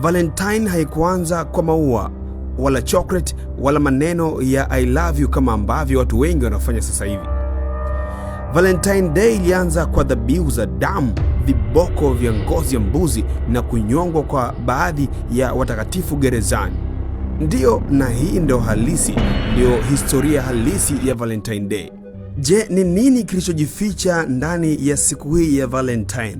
Valentine haikuanza kwa maua wala chocolate wala maneno ya I love you kama ambavyo watu wengi wanafanya sasa hivi. Valentine Day ilianza kwa dhabihu za damu, viboko vya ngozi ya mbuzi na kunyongwa kwa baadhi ya watakatifu gerezani. Ndiyo, na hii ndio halisi, ndiyo historia halisi ya Valentine Day. Je, ni nini kilichojificha ndani ya siku hii ya Valentine?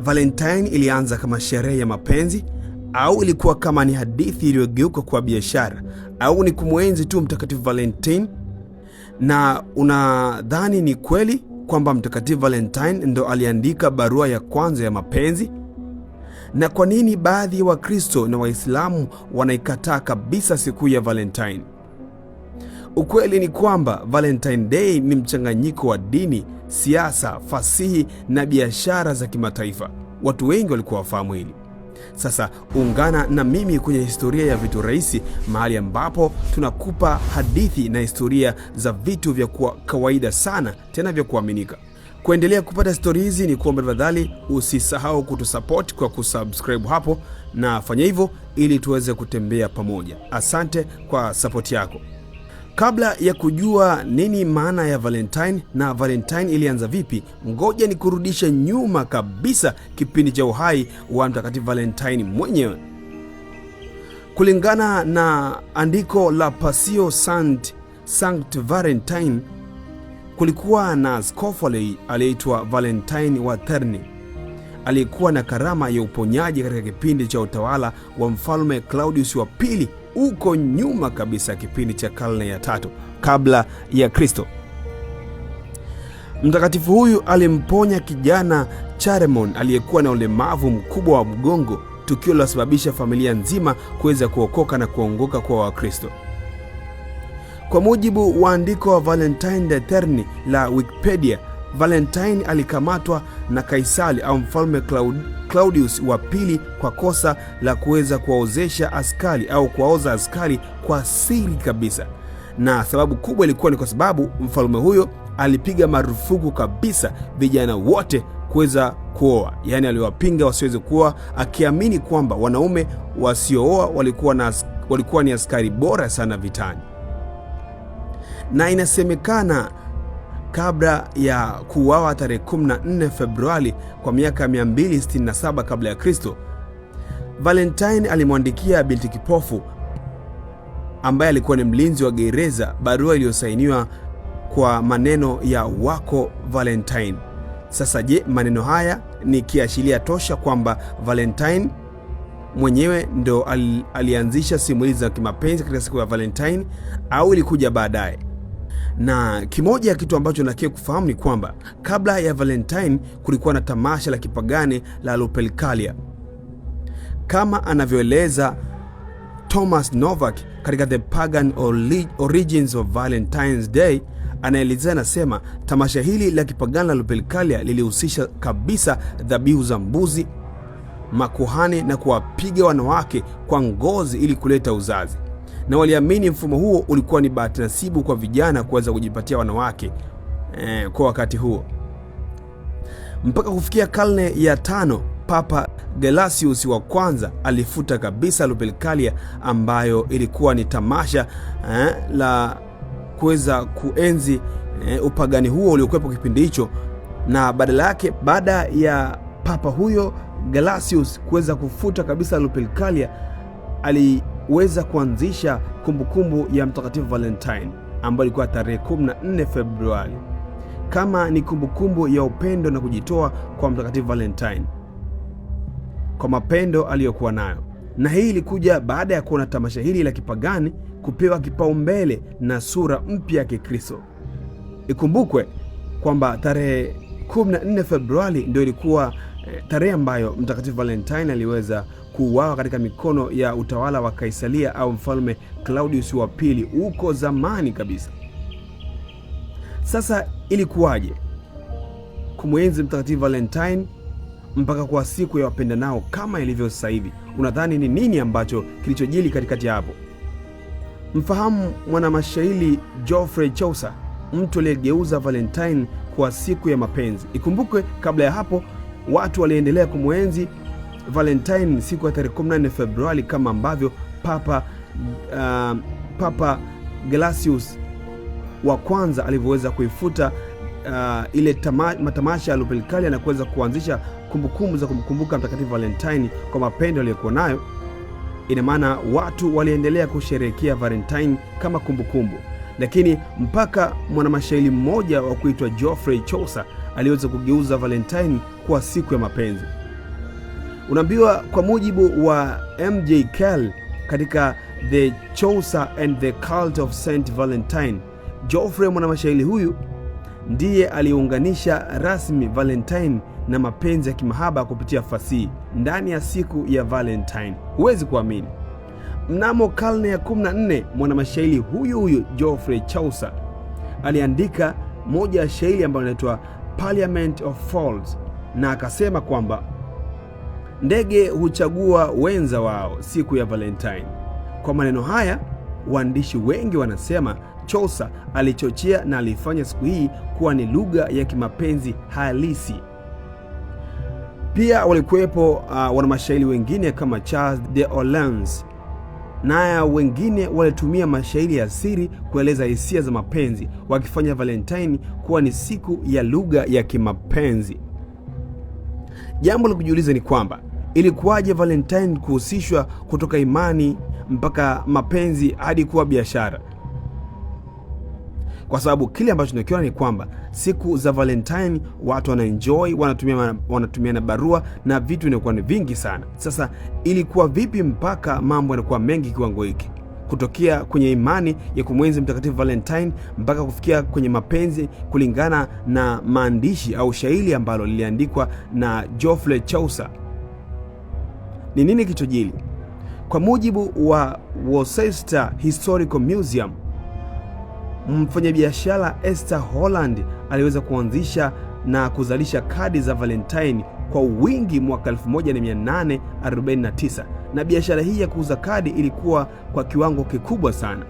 Valentine ilianza kama sherehe ya mapenzi au ilikuwa kama ni hadithi iliyogeuka kwa biashara au ni kumwenzi tu Mtakatifu Valentine? Na unadhani ni kweli kwamba Mtakatifu Valentine ndo aliandika barua ya kwanza ya mapenzi? Na kwa nini baadhi ya wa Wakristo na Waislamu wanaikataa kabisa siku ya Valentine? Ukweli ni kwamba Valentine Day ni mchanganyiko wa dini siasa, fasihi na biashara za kimataifa. Watu wengi walikuwa wafahamu hili. Sasa ungana na mimi kwenye historia ya vitu rahisi, mahali ambapo tunakupa hadithi na historia za vitu vya kuwa kawaida sana tena vya kuaminika. Kuendelea kupata stori hizi ni kuomba tafadhali usisahau kutusapoti kwa kusubscribe hapo, na fanya hivyo ili tuweze kutembea pamoja. Asante kwa sapoti yako. Kabla ya kujua nini maana ya Valentine na Valentine ilianza vipi, ngoja ni kurudisha nyuma kabisa kipindi cha uhai wa Mtakatifu Valentine mwenyewe. Kulingana na andiko la Pasio Sant Sanct Valentine, kulikuwa na askofu aliyeitwa Valentine wa Terni aliyekuwa na karama ya uponyaji katika kipindi cha utawala wa mfalme Claudius wa pili uko nyuma kabisa, kipindi cha karne ya tatu kabla ya Kristo. Mtakatifu huyu alimponya kijana Charemon aliyekuwa na ulemavu mkubwa wa mgongo, tukio lilosababisha familia nzima kuweza kuokoka na kuongoka kwa Wakristo. Kwa mujibu wa andiko wa Valentine de Terni la Wikipedia, Valentine alikamatwa na Kaisari au mfalme Claudius wa pili kwa kosa la kuweza kuwaozesha askari au kuwaoza askari kwa siri kabisa, na sababu kubwa ilikuwa ni kwa sababu mfalme huyo alipiga marufuku kabisa vijana wote kuweza kuoa, yaani aliwapinga wasiweze kuoa, akiamini kwamba wanaume wasiooa walikuwa, na, walikuwa ni askari bora sana vitani, na inasemekana kabla ya kuuawa tarehe 14 Februari kwa miaka 267 kabla ya Kristo. Valentine alimwandikia binti kipofu ambaye alikuwa ni mlinzi wa gereza barua iliyosainiwa kwa maneno ya wako Valentine. Sasa je, maneno haya ni kiashiria tosha kwamba Valentine mwenyewe ndo alianzisha simulizi za kimapenzi katika siku ya Valentine au ilikuja baadaye? na kimoja ya kitu ambacho nakie kufahamu ni kwamba kabla ya Valentine kulikuwa na tamasha la kipagane la lupelkalia kama anavyoeleza Thomas Novak katika The Pagan Origins of Valentine's Day anaelezea anasema, tamasha hili la kipagani la lupelkalia lilihusisha kabisa dhabihu za mbuzi, makuhani na kuwapiga wanawake kwa ngozi ili kuleta uzazi na waliamini mfumo huo ulikuwa ni bahati nasibu kwa vijana kuweza kujipatia wanawake eh, kwa wakati huo. Mpaka kufikia karne ya tano, Papa Gelasius wa kwanza alifuta kabisa Lupercalia ambayo ilikuwa ni tamasha eh, la kuweza kuenzi eh, upagani huo uliokuwepo kipindi hicho, na badala yake, baada ya papa huyo Gelasius kuweza kufuta kabisa Lupercalia, ali kuweza kuanzisha kumbukumbu ya Mtakatifu Valentine ambayo ilikuwa tarehe 14 Februari kama ni kumbukumbu ya upendo na kujitoa kwa Mtakatifu Valentine kwa mapendo aliyokuwa nayo, na hii ilikuja baada ya kuona tamasha hili la kipagani kupewa kipaumbele na sura mpya ya Kikristo. Ikumbukwe kwamba tarehe 14 Februari ndio ilikuwa eh, tarehe ambayo Mtakatifu Valentine aliweza kuuawa katika mikono ya utawala wa Kaisaria au mfalme Claudius wa pili huko zamani kabisa. Sasa ilikuwaje kumwenzi Mtakatifu Valentine mpaka kwa siku ya wapendanao kama ilivyo sasa hivi? Unadhani ni nini ambacho kilichojili katikati hapo? Mfahamu mwanamashairi Geoffrey Chaucer, mtu aliyegeuza Valentine kwa siku ya mapenzi. Ikumbukwe kabla ya hapo watu waliendelea kumwenzi Valentine siku ya tarehe 14 Februari kama ambavyo Papa, uh, Papa Gelasius wa kwanza alivyoweza kuifuta uh, ile tama, matamasha ya Lupercalia na kuweza kuanzisha kumbukumbu za kumkumbuka Mtakatifu Valentine kwa mapendo aliyokuwa nayo. Ina maana watu waliendelea kusherehekea Valentine kama kumbukumbu kumbu. Lakini mpaka mwanamashairi mmoja wa kuitwa Geoffrey Chaucer aliweza kugeuza Valentine kuwa siku ya mapenzi. Unaambiwa kwa mujibu wa MJ Kell katika The Chaucer and the Cult of st Valentine, Geoffrey mwanamashairi huyu ndiye aliyeunganisha rasmi Valentine na mapenzi ya kimahaba kupitia fasihi ndani ya siku ya Valentine. Huwezi kuamini, mnamo karne ya 14 mwanamashairi huyu huyu Geoffrey Chaucer aliandika moja ya shairi ambayo inaitwa Parliament of Fools, na akasema kwamba Ndege huchagua wenza wao siku ya Valentine. Kwa maneno haya, waandishi wengi wanasema Chaucer alichochea na alifanya siku hii kuwa ni lugha ya kimapenzi halisi. Pia walikuwepo uh, wanamashairi wengine kama Charles de Orleans, na wengine walitumia mashairi ya siri kueleza hisia za mapenzi, wakifanya Valentine kuwa ni siku ya lugha ya kimapenzi. Jambo la kujiuliza ni kwamba ilikuwaje Valentine kuhusishwa kutoka imani mpaka mapenzi hadi kuwa biashara? Kwa sababu kile ambacho tunakiona ni kwamba siku za Valentine watu wanaenjoy, wanatumia na barua na vitu vinakuwa ni vingi sana. Sasa ilikuwa vipi mpaka mambo yanakuwa mengi kiwango hiki? kutokea kwenye imani ya kumwenzi Mtakatifu Valentine mpaka kufikia kwenye mapenzi kulingana na maandishi au shairi ambalo liliandikwa na Geoffrey Chaucer. Ni nini kichojili? Kwa mujibu wa Worcester Historical Museum, mfanyabiashara Esther Holland aliweza kuanzisha na kuzalisha kadi za Valentine kwa wingi mwaka 1849 na biashara hii ya kuuza kadi ilikuwa kwa kiwango kikubwa sana.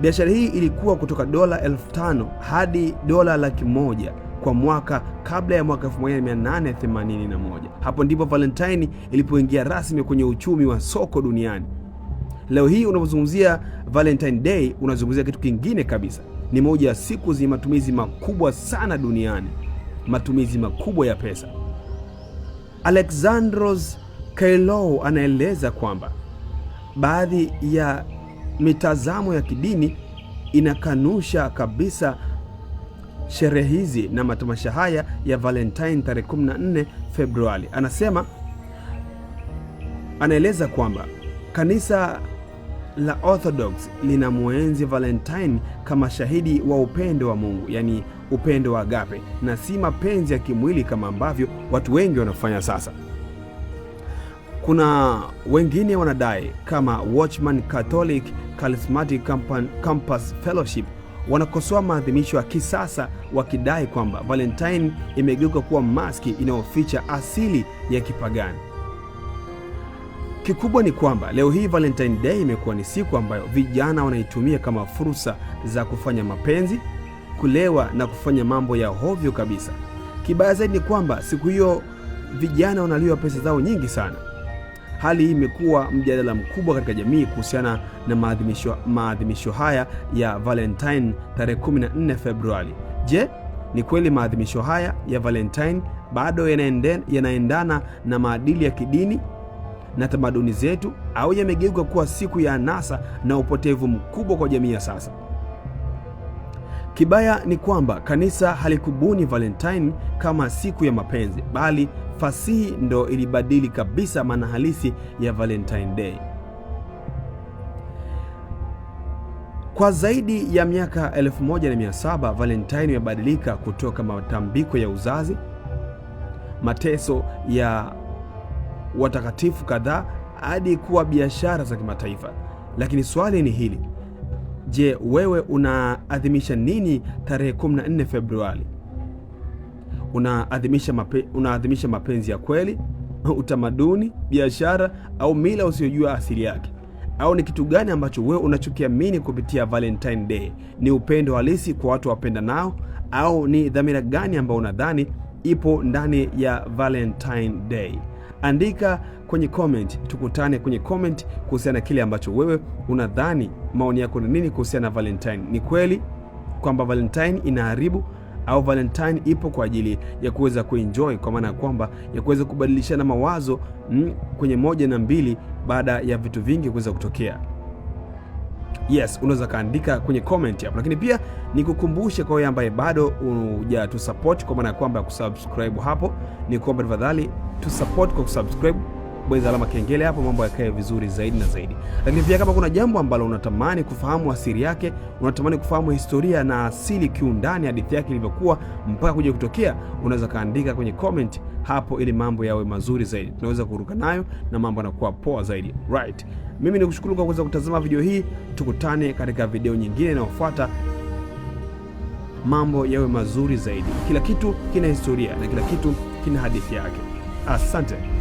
Biashara hii ilikuwa kutoka dola elfu tano hadi dola laki moja kwa mwaka kabla ya mwaka 1881. Hapo ndipo Valentine ilipoingia rasmi kwenye uchumi wa soko duniani. Leo hii unapozungumzia Valentine Day unazungumzia kitu kingine kabisa. Ni moja ya siku zenye matumizi makubwa sana duniani, matumizi makubwa ya pesa. Alexandros kailo anaeleza kwamba baadhi ya mitazamo ya kidini inakanusha kabisa sherehe hizi na matamasha haya ya Valentine tarehe 14 Februari. Anasema, anaeleza kwamba kanisa la Orthodox lina mwenzi Valentine kama shahidi wa upendo wa Mungu, yaani upendo wa agape, na si mapenzi ya kimwili kama ambavyo watu wengi wanafanya sasa. Kuna wengine wanadai kama Watchman Catholic Charismatic Campus Fellowship wanakosoa maadhimisho ya kisasa wakidai kwamba Valentine imegeuka kuwa maski inayoficha asili ya kipagani. Kikubwa ni kwamba leo hii Valentine Day imekuwa ni siku ambayo vijana wanaitumia kama fursa za kufanya mapenzi, kulewa na kufanya mambo ya hovyo kabisa. Kibaya zaidi ni kwamba siku hiyo vijana wanaliwa pesa zao nyingi sana. Hali hii imekuwa mjadala mkubwa katika jamii kuhusiana na maadhimisho, maadhimisho haya ya Valentine tarehe 14 Februari. Je, ni kweli maadhimisho haya ya Valentine bado yanaendana na maadili ya kidini na tamaduni zetu au yamegeuka kuwa siku ya anasa na upotevu mkubwa kwa jamii ya sasa? Kibaya ni kwamba kanisa halikubuni Valentine kama siku ya mapenzi, bali fasihi ndo ilibadili kabisa maana halisi ya Valentine Day. Kwa zaidi ya miaka 1700 Valentine imebadilika kutoka matambiko ya uzazi, mateso ya watakatifu kadhaa hadi kuwa biashara za kimataifa. Lakini swali ni hili: je, wewe unaadhimisha nini tarehe 14 Februari? unaadhimisha mape, unaadhimisha mapenzi ya kweli, utamaduni, biashara au mila usiyojua asili yake? Au ni kitu gani ambacho wewe unachokiamini kupitia Valentine Day? Ni upendo halisi kwa watu wapenda nao, au ni dhamira gani ambayo unadhani ipo ndani ya Valentine Day? Andika kwenye comment, tukutane kwenye comment kuhusiana na kile ambacho wewe unadhani. Maoni yako ni nini kuhusiana na Valentine? Ni kweli kwamba Valentine inaharibu au Valentine ipo kwa ajili ya kuweza kuenjoy, kwa maana ya kwamba ya kuweza kubadilishana mawazo mm, kwenye moja na mbili, baada ya vitu vingi kuweza kutokea. Yes, unaweza kaandika kwenye comment hapo, lakini pia nikukumbushe kwa wewe ambaye bado hujatusupport, kwa maana ya kwamba kusubscribe hapo, ni kuomba tafadhali tusupport kwa kusubscribe kubonyeza alama kengele hapo mambo yakae vizuri zaidi na zaidi. Lakini pia kama kuna jambo ambalo unatamani kufahamu asili yake, unatamani kufahamu historia na asili kiundani, hadithi yake ilivyokuwa mpaka kuja kutokea, unaweza kaandika kwenye comment hapo ili mambo yawe mazuri zaidi, tunaweza kuruka nayo na mambo yanakuwa poa zaidi. Right, mimi nikushukuru kwa kuweza kutazama video hii, tukutane katika video nyingine inayofuata. Mambo yawe mazuri zaidi. Kila kitu kina historia na kila kitu kina hadithi yake. Asante.